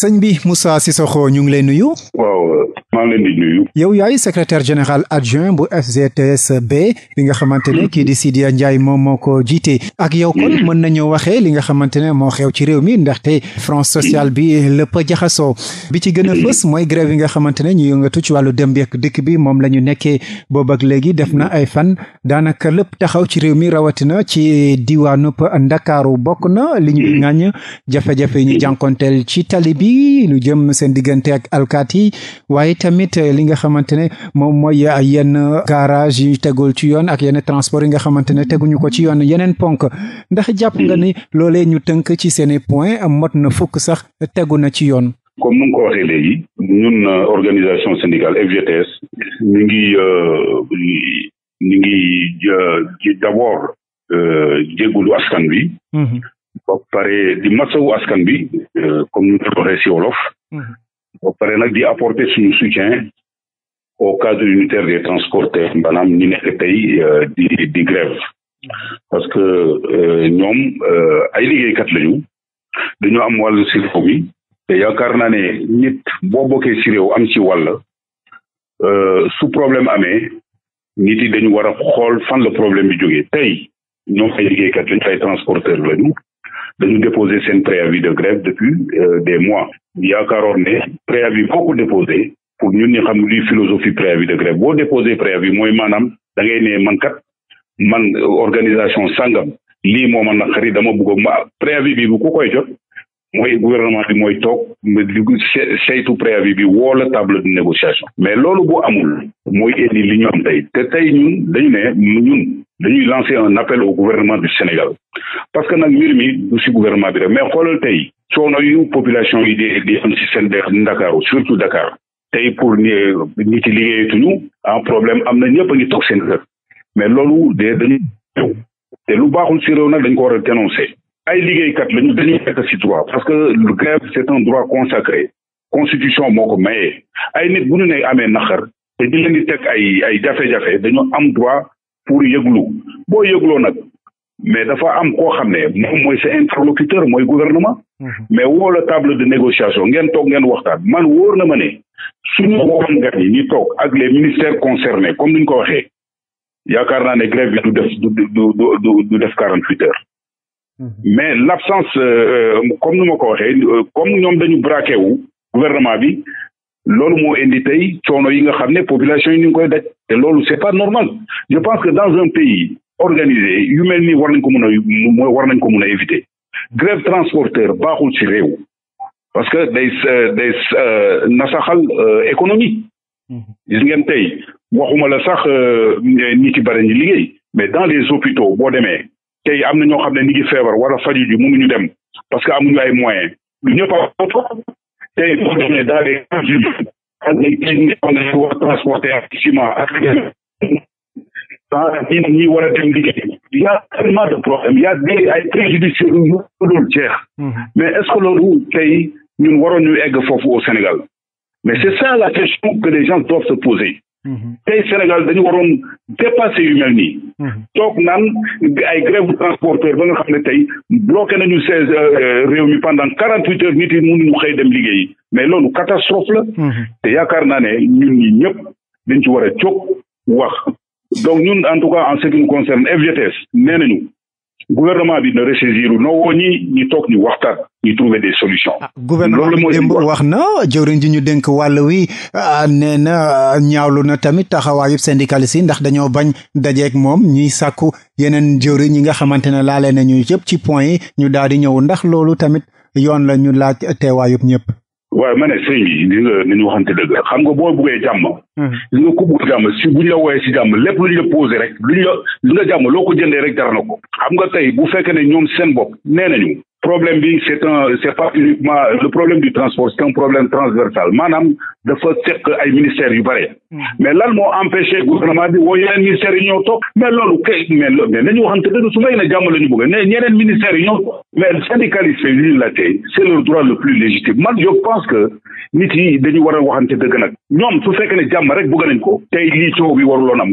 sëñ bi Moussa Cissokho ñu ngi lay nuyu. waaw maa yow yaay secrétaire général adjoint bu b bi nga xamante ne hmm. kii di Sidya Ndiaye moom moo ko jiite ak yow kon hmm. mën nañoo waxee li nga xamante ne moo xew ci réew mi ndaxte front social bi lépp a jaxasoo bi ci gën a hmm. fës mooy grève yi nga xamante ne ñu yëngatu ci wàllu dem ak dikk bi moom la ñu nekkee boobu ak léegi def na ay fan daanaka lépp taxaw ci réew mi rawatina ci diwaanub Ndakaaru bokk na liñu ñu ŋàññ jafe-jafe ñu jànkonteel ci tali bi nu jëm seen diggante ak alkaat tamit eh, li nga xamante ne moom mooy eh, yenn garage yi tegul ci yoon ak yenn transport yi nga xamante ne teguñu ko ci yoon yeneen ponk ndax jàpp nga ni loolee ñu tënk ci seeni point mot na fukk sax tegu na ci yoon comme nu nga ko waxee léegi ñun euh, organisation syndicale FGTS ñu ngi euh, ñu ngi euh, d'abord jéggulu askan bi mhm. ba pare di masawu askan bi comme ñu ko waxee si wolof mhm. ba pare nag di apporter suñu soutien au cadre unitaire des transporteurs maanaam ñi nekk tey euh, di di parce que euh, ñoom euh, ay liggéeykat lañu dañoo am wàll si réew mi te yaakaar naa ne nit boo bokkee ci réew am ci wàll su problème amee nit yi dañu war a xool fan la problème bi jógee tey ñoom ay kat lañu ay transporteur lañu dañu déposé seen préavis de grève depuis euh, des mois yaakaaroon ne préavis boo ko déposé pour ñun ñi xam luy philosophie préavis de grève boo déposé préavis mooy maanaam da ngay ne man kat man euh, organisation sangam lii moo ma naqari dama bëgg ma préavis bi bu ko koy jot mooy gouvernement bi mooy toog saytu préavis bi woo la table de négociation mais loolu bu amul mooy indi li ñu am tey te tey ñun dañu ne ñun dañuy lancer un appel au gouvernement du Sénégal parce que nag mbir mi du si gouvernement bi rek mais xoolal tey coono yu population yi di di am si seen Ndakaaru surtout Dakar tey pour ni nit yi liggéeyatuñu en ah, problème am na ñëpp a ngi seen kër mais loolu de dañu teew te lu baaxul si réew nag dañ ko war a dénoncer ay liggéeykat lañu dañuy fekk si droit parce que le c'est un droit consacré constitution moo ko mayee ay nit bu ñu ne amee naqar te di leen di teg ay ay jafe-jafe dañu am droit pour yëglu boo yëgloo nag mais dafa am koo xam ne moom mooy sa interlocuteur mooy gouvernement mhm. mais woo la table de négociation ngeen toog ngeen waxtaan man wóor na ma ne suñu woon gan yi ñu toog ak les ministères comme ni ñu ko waxee yaakaar naa ne grève bi du def du du du du def quarante huit heures mhm. mais l'absence euh, euh, comme ni ma ko waxee euh, comme ñoom dañu braqué wu gouvernement bi loolu moo indi tey coono yi nga xam ne population yi ñu ngi koy daj te loolu c'est pas normal je pense que dans un pays organisé yu mel nii war nañ ko mën a war nañ ko mën a éviter grève transporteur baaxul ci réew parce que day day euh, saxal euh, économie mhm. gis ngeen tey waxuma la sax nit euh, yi bari ñu liggéey mais dans les hôpitaux boo demee tey am na ñoo xam ne ñu ngi feebar wala a faju ji ñu dem parce que amuñu ay moyens ñëpp tey dans les a transporter ak ciment ak ah ñun ñi war a dem liggéey y' a tellement de problèmes y' a des ay préjudices yu dul mhm. mais est ce que loolu tey ñun waroon ñu egg foofu au Sénégal mais c' ça la question que les gens doivent se poser. Mhm. tey Sénégal dañu waroon dépasser yu mel nii. Mhm. toog naan ay grève transporteur ba nga xam ne tey bloqué nañu seize euh, euh, réew mi pendant quarante huit heures nit yi mënuñu xëy dem liggéey mais loolu catastrophe la. Mhm. te yaakaar naa ne ñun ñi ñëpp dañ ci war a jóg wax donc ñun en tout cas en ce qui nous concerne FGTS nee nañu. gouvernement bi na ressaisir na woo ñi ñu toog ñu waxtaan ñu trouver des solutions. Ah, gouvernement bi démb wax na jëwriñ ji ñu dénk wàll wi ah, nee na ñaawlu na tamit taxawaayu syndicaliste yi ndax dañoo bañ dajeek moom ñiy sàkku yeneen jëwriñ ñi nga xamante ne laale nañu yëpp ci point yi ñu daal di ñëw ndax loolu tamit yoon la ñu laaj teewaayub ñëpp. waaye ma ne sëñ bi di nga nañu waxante dëgg xam nga boo buggee jàmm li hmm. nga ko bugg si bu ñu la wooyee si jàmm lépp lu ñu la posé rek lu ñu la li nga jàmm loo ko jëndee rek dara ko xam nga tey bu fekkee ne ñoom seen bopp nee nañu problème bi c'est un c'est pas uniquement le problème du transport c'est un problème transversal maanaam dafa seq ay ministères yu bare mais lan moo empêché gouvernement bi woo yeneen ministères yi ñoo toog mais loolu kay mais nañu waxante dëgg su fay na jàmm la ñu ñeneen ministères yi ñoo mais syndicalistes yi la tey c'est leur droit le plus légitime man je pense que nit dañu war waxante dëgg nag ñoom su fekkee ne rek bëgg ko tey lii coow bi waruloon am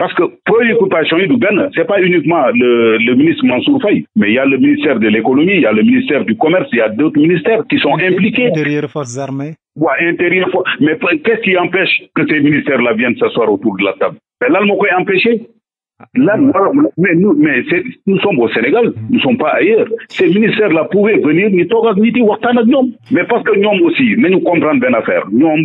def que préoccupation yi du benn c'est pas uniquement le le ministre Mansour Faye mais il y a le ministère de l'économie il y a le ministère du commerce il y a d'autres ministères qui sont impliqués. intérieur forces armées. waa intérieur forces mais qu'est-ce qui empêche que ces ministères-là viennent s'asseoir autour de la table mais lan moo koy empêcher. Là, mais nous mais c'est nous sommes au Sénégal nous sommes pas ailleurs ces ministères-là pouvaient venir ñu toog ñoom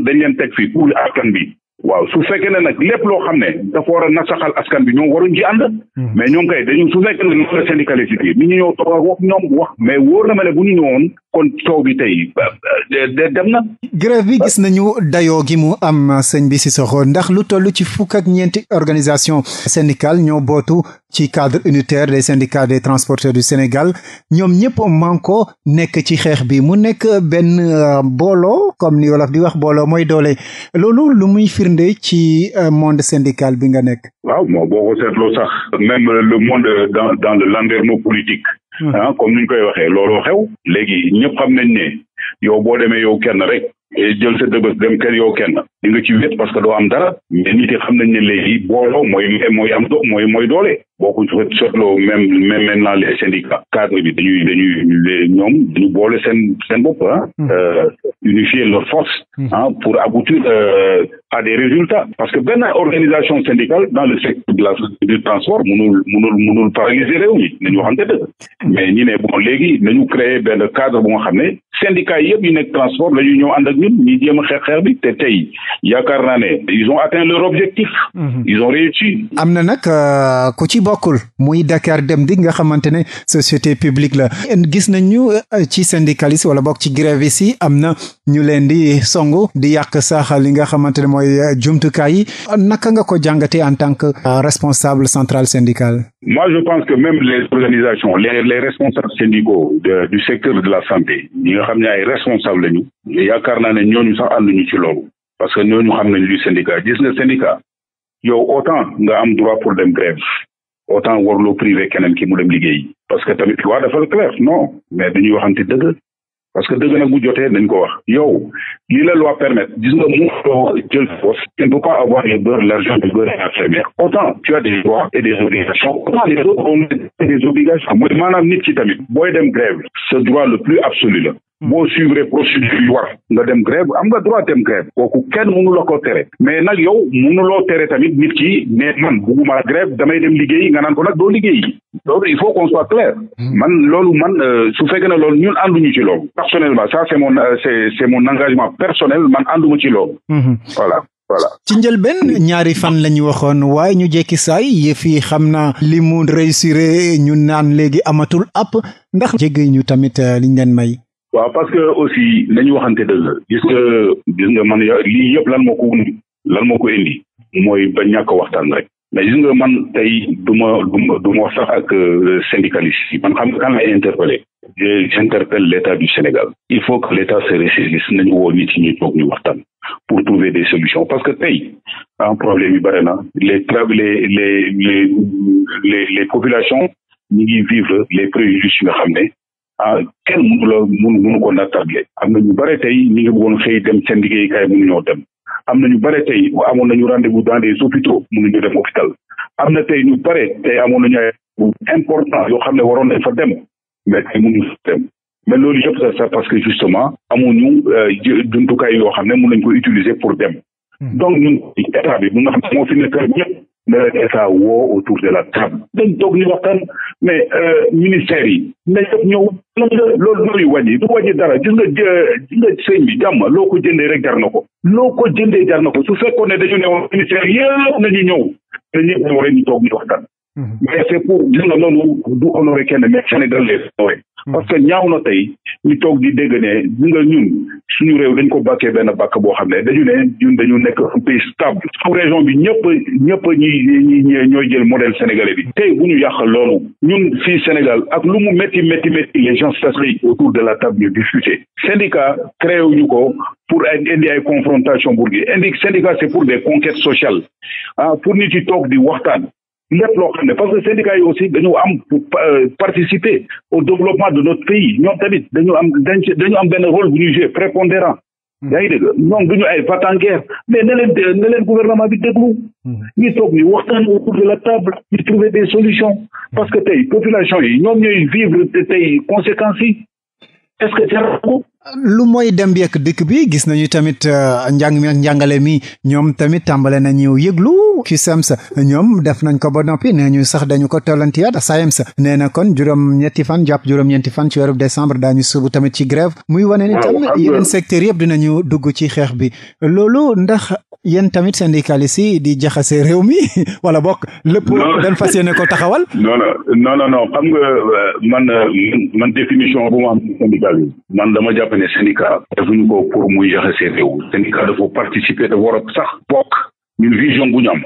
dañ leen teg fii pour bi waaw su fekkee nag lépp loo xam ne dafa war a nasaxal askan bi ñoom waruñ ci ànd mhm. mais ñoom kay dañu su fekkee ne noonu la syndicaliste yi mais wóor na ma ne bu dem na grève bi nañu dayoo gi mu am sëñ bi Cissokho ndax lu toll ci fukk ak ñeenti organisation syndicale ñoo bootu ci cadre unitaire des syndicats des transporteurs du Sénégal ñoom ñëpp manko nekk ci xeex bi mu nekk benn euh, booloo comme ni wolof di wax booloo mooy doole loolu lu muy firnde dundee ci euh, monde syndical bi nga nekk. waaw moo boo ko seetloo sax même le monde dans dans le landerneau politique. ah comme ni koy waxee looloo xew. léegi ñëpp xam nañ ne yow boo demee yow kenn rek Eh, jël sa dëbës dem kër yow kenn di nga ci wét parce que doo dara mais nit yi xam nañ ne léegi booloo mooy mooy am do mooy mooy doole boo ko sotloo même même maintenant les syndicats cadre bi ñoom dañu boole seen seen bopp ah euh, unifier leurs forces ah, pour aboutir euh, à des résultats parce que benn organisation syndicale dans le secteur de la du transport mënul mënul mënul paralyser réew mi nañu waxante dëgg mais ñi ne bon léegi nañu créer benn cadre bu nga xam ne syndicats yi yëpp ak ñun ñuy jéem bi te tey yaakaar naa ne ils ont atteint leur objectif. Mhm. am na nag euh, ku ci bokkul muy Dakar Dem Dikk nga xamante ne société publique la gis nañu euh, ci syndicaliste wala bokk ci grévistes yi am na ñu leen di songu di yàq sax li nga xamante ne mooy euh, jumtukaay yi naka nga ko jàngatee en tant que responsable central syndical. moi je pense que même les organisations les les responsables syndicaux du secteur de la santé ñi nga xam ne ay responsables ñu yaakaar naa ne ñooñu sax ànduñu ci loolu parce que ñooñu xam ne luy syndicat gis nga syndicat yow autant nga am droit pour dem grève autant warloo privé keneen ki mu dem liggéey parce que tamit loi dafa clair non mais dañuy waxante dëgg parce que dëgg nag bu jotee dañ ko wax yow li la loi permettre gis nga mu doo jël force tu ne pas avoir le l'argent du beurre et la crémière autant tu as des droits et des obligations autant les mooy maanaam nit ki tamit booy dem grève ce droit moo hmm. suivre procédure yi nga dem grève am nga droit dem grève kooku kenn mënu la tere mais nag yow loo tere tamit nit ki ne man bugguma grève damay dem liggéey nga naan ko nag doo liggéey loolu il faut qu'on soit hmm. man loolu man euh, su fekkee ne loolu ñun ànduñu ci loolu personnellement ça c'est mon euh, c'est c'est mon engagement personnel man ànduma ci loolu hmm. voilà voilà ci njëlbeen ñaari fan lañu ñu waxoon waaye ñu jekki saay yëf yi xam na li mu réussir ñu naan léegi amatul app ndax jéggi ñu tamit euh, liñ leen may waaw parce que aussi nañu waxante dëgg gis nga gis nga man lii yëpp lan moo ko lan moo ko indi mooy ba ñàkk waxtaan rek mais gis nga man tey du ma du ma wax sax ak euh, syndicaliste yi man xam nga kan lay interpellé j'interpelle l'état du Sénégal il faut que l'état se ressaisisse nañu woo nit ñi ñu toog ñu waxtaan pour trouver des solutions parce que tey en ah, problème yi bare na les les les les les populations ñu ngi vivre les préjudices yi nga xam ne ah kenn mënu la mun mënu ko nattable am na ñu bare tey ñi ngi bëggoon xëy dem seen liggéeykaay ñoo dem am na ñu bare tey amoon nañu rendez-vous dans des hôpitaux mënuñu dem hôpital am na tey ñu bare tey amoon nañu ay important yoo xam ne waroon nañ fa dem mais tey mais loolu yëpp c'est ça parce que justement amuñu euh, jumtukaay yoo xam ne mën nañu ko utiliser pour dem hmm. donc ñun état bi ne moo na leen woo autour de la table dañ toog ñu waxtaan mais euh, ministère yi na yëpp ñëw lan nga loolu loolu wàññi du wàññi dara gis nga gis nga sëñ bi jàmm loo ko jëndee rek jar na ko loo ko jëndee jar na ko su fekkoon ne dañu ne woon ministère yëpp nañu ñëw dañu ñëw rek ñu toog ñu waxtaan mhm. mais c'est pour gis nga noonu du honoré kenn mais Sénégal les honoré parce que ñaaw na tey ñu toog di dégg ne ñu nga ñun suñu réew dañ ko bàkkee benn bakk boo xam ne dañu ne ñun dañu nekk un pays stable sous région bi ñëpp ñëpp ñi ñi ñooy jël modèle sénégalais bi tey bu ñu yàq loolu ñun fii Sénégal ak lu mu métti métti métti les gens s'asseyent autour de la table ñu discuter syndicat créé ñu ko pour indi ay confrontation bourgi indi syndicat c'est pour des conquêtes sociales ah pour nit yi toog di waxtaan lépp loo xam ne parce que syndicats yi aussi dañu am euh, participer au développement de notre pays ñoom tamit dañu am dañu am benn rôle bu ñuy jouer prépondérant hmm. yaa ngi dégg ay va en guerre mais ne ne leen gouvernement bi déglu hmm. ñi toog ni waxtaan autour de la table ñu trouver des solutions parce que tey population yi ñoom ñooy vivre tey conséquences yi est-ce que jarako lu mooy dem bi ak dikk bi gis nañu tamit uh, njàng mi ak njàngale mi ñoom tamit tàmbale nañu yëglu CUSEMS ñoom def nañ ko ba noppi nee ñu sax dañu ko tollantiyaat SAEMS nee na kon juróom-ñetti fan jàpp juróom-ñeenti fan ci weeru daa daañu subu tamit ci grève muy wane ni tam yeneen secteur yëpp dinañu dugg ci xeex bi loolu ndax yéen tamit syndicalistes yi di jaxase réew mi wala bokk lépp dañ fas yéene ko taxawal non non non non xam nga euh, euh, man man définition bu ma am syndicalisme man dama jàpp ne syndicat defuñu ko pour muy jaxase réew syndicat dafa participer dafa war a sax bokk ñun vision bu ñu am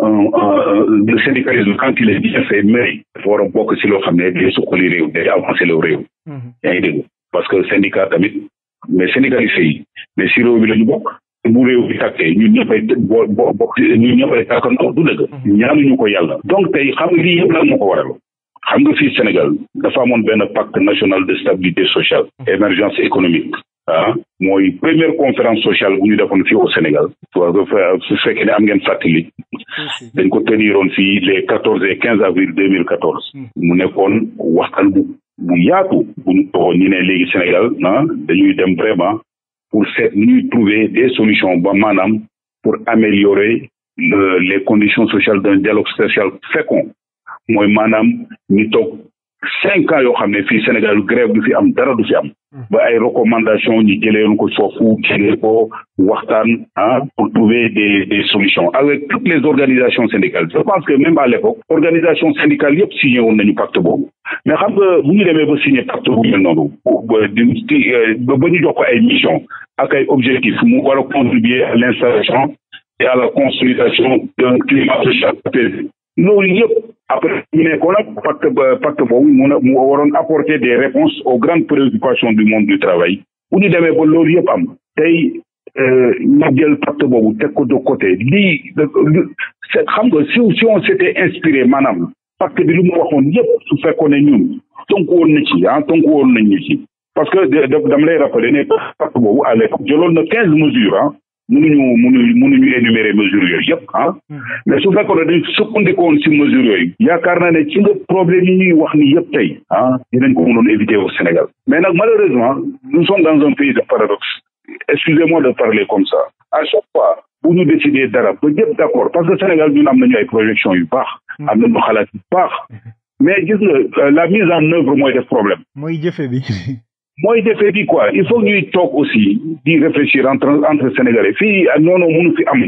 euh, le syndicalisme quand il est bien fait mérite dafa war bokk si loo xam ne day suqali réew day avancer le réew mhm. yaa ngi parce que syndicat tamit mais syndicalistes yi si réew bi la ñu bokk bu réew bi takkee ñun ñëpp ay bo bo ñun ñëpp ay takkandoo du dëgg mhm. ñaanuñu ko yàlla donc tey xam nga lii yëpp ko waral xam nga fii Sénégal dafa amoon benn pacte national de stabilité sociale mhm. émergence économique ah mooy première conférence sociale bu ñu defoon fii au Sénégal parce que su fekkee ne am ngeen fàttali dañ ko teniroon fii les quatorze et quinze avril deux mille quatorze mhm. mu nekkoon waxtaan bu bu yaatu bu ñu toxoon ñu ne léegi Sénégal ah dañuy dem vraiment pour cette nuit trouver des solutions ba maanaam pour améliorer le, euh, les conditions sociales d'un dialogue social fécond mooy maanaam ñu toog cinq ans yoo xam ne fii Sénégal grève du fi am dara du fi am hmm. ba ay recommandations ñu jëleeoon ko foofu jëlee ko waxtaan ah pour trouver des des solutions avec toutes les organisations syndicales je pense que même à l'époque organisation syndicale yëpp signé woon nañu pacte boobu mais xam nga bu ñu demee ba signé pacte bu mel noonu ba euh, ñu jox ko ay mission ak ay objectifs mu war a contribuer à l'installation et à la consolidation d'un climat loolu yëpp après ñu nekkoon nag pacte pacte boobu mun a mu waroon apporter des réponses aux grandes préoccupations du monde du travail bu ñu demee ba loolu yëpp am tey euh, ñu jël pacte boobu teg ko de côté lii xam nga si si on s'était inspiré maanaam pacte bi lu mu waxoon yëpp su fekkoon ne ñun tonku woon na ci ah tonku woon nañ ñu ci parce que dama lay rappeler ne pacte boobu à l'époque jëloon na quinze mesures ah mënuñu mënuñu mënuñu énumérer mesures yooyu yëpp ah hmm. mais su fekkoon ne dañ sukkandikoon si mesures yooyu yaakaar naa ne ci nga problème yi ñuy wax ni yëpp tey ah dinañ ko mënoon éviter au Sénégal mais nag malheureusement nous sommes dans un pays de paradoxe excusez-moi de parler comme ça à chaque fois bu ñu décider dara ba ñëpp d'accord parce que Sénégal ñun am nañu ay projection yu baax hmm. am nañu xalaat yu baax hmm. mais gis nga euh, la mise en œuvre mooy def problème mooy jëfe bi mooy de bi quoi il faut ñuy toog aussi di réfléchir entre entre sénégalais fii ak ah, noonu mënu fi am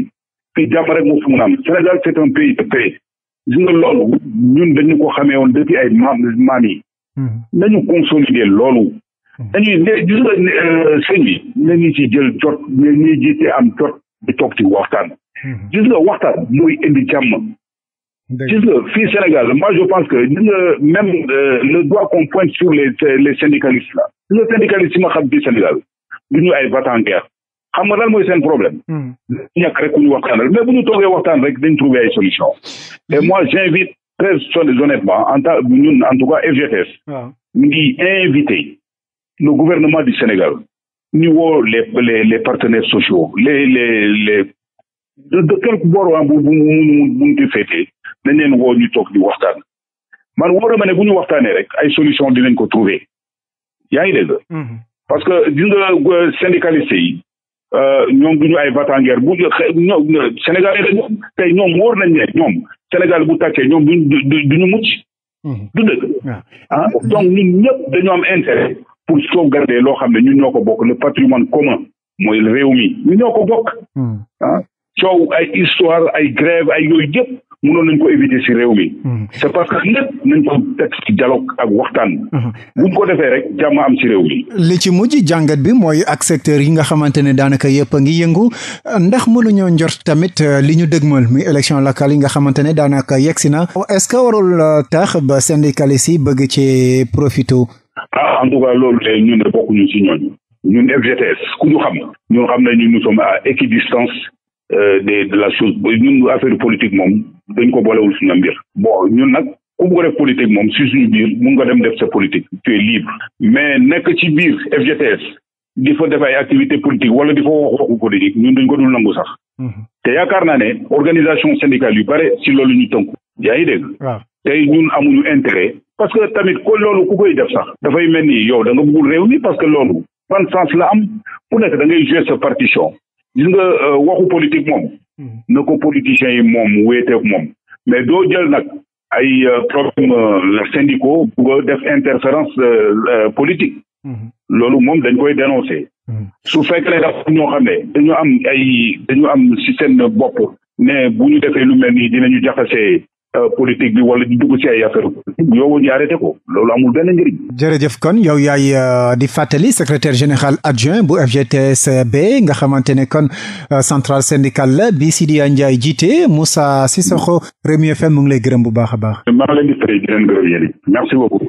fii jàmm rek moo fi mun am Sénégal c'est un pays de paix gis nga loolu ñun dañu ko xamee woon depuis ay maam maam yi hmm. nañu consolider loolu hmm. dañuy ne gis nga euh, sëñ nañu ci jël jot ne ñuy am jot di toog waxtaan hmm. gis waxtaan mooy indi jàmm gis fii Sénégal moi je pense que gis nga même euh, le doigt qu'on pointe sur les les syndicalistes là li nga syndicaliste ma xam fii Sénégal du ñu ay vatanguère xam nga lan mooy seen problème um ñàkk rek ku ñu waxtaanal mais bu ñu toogee waxtaan rek dañ trouver ay solution et moi j'invite très honnêtement en tant ñun en tout cas FGTS ñu ngi invité le gouvernement du Sénégal ñu woo les les les partenaires sociaux les les les de de quelque bord bu bu mu di féetee dañ leen woo ñu toog di waxtaan man wóor na ma ne bu ñu waxtaanee rek ay solution dinañ ko trouver yaa ngi dégg mm-hmm. parce que gis nga euh, syndicaliste yi euh, ñoom du ñu ay vatanguer bu ñoom Sénégal tey ñoom wóor nañ ne ñoom Sénégal bu tàkkee ñoom duñu duñu mucc mm-hmm. du dëgg ah, mm-hmm. donc ñun ñëpp dañoo am intérêt pour sauvegarder loo xam ne ñun ñoo ko bokk le patrimoine commun mooy réew mi ñu ñoo ko bokk ah ay histoire ay grève ay yooyu yëpp mënoon nañ ko éviter ci réew mi. Mmh. c'est parce que lépp nañ ko teg ci ak waxtaan. Mmh. buñ ko defee rek jàmm am ci réew mi. li ci mujj jàngat bi mooy ak secteur yi nga xamante ne daanaka yëpp a ngi yëngu ndax mënuñoo njor tamit euh, li ñu dëgmal muy élection locale yi nga xamante ne daanaka yegsi na. est-ce que warul euh, tax ba syndicaliste yi bëgg ci profité. ah en tout loolu de ñun de bokkuñu ci ñooñu. ñun FGTS ku ñu xam. ñu xam nañu nous sommes à équidistance euh, la chose affaire politique moom. dañ ko boolewul suñu mbir bon ñun nag ku bëgg def politique moom si suñu biir mun nga dem def sa politique tu mais nekk ci biir FGTS di fa def ay activité politique wala di fa wax waxu politique ñun dañ ko dul nangu sax mhm. te yaakaar naa ne organisation syndicale yu bare si loolu ñu tënku yaa ngi te ñun amuñu intérêt parce que tamit ko loolu ku koy def sax dafay mel ni yow da nga bëggul réew mi parce que loolu ban sens la am ku nekk da ngay jouer sa partition gis nga euh, waxu politique moom na ko politiciens yi moom wéeteek moom mais doo jël nag ay euh, problème euh, syndicaux pour def interférence euh, politique mm-hmm. loolu moom dañ koy dénoncer mm-hmm. su fekkee dafa ñoo xam ne dañu am ay dañu am si seen bopp ne bu ñu defee lu mel nii dinañu jaxasee Euh, politique bi wala di dugg ci ay affaire politique yow ñu arrêté ko loolu amul benn njëriñ. jërëjëf kon yow yaay euh, di fàttali secretaire général adjoint bu FGTSB nga xamante ne kon euh, centrale syndicale la bi Sidya Ndiaye jiite Moussa Sissokho Rewmi FM mu ngi lay gërëm bu baax a baax. maa ngi leen di fay di merci beaucoup.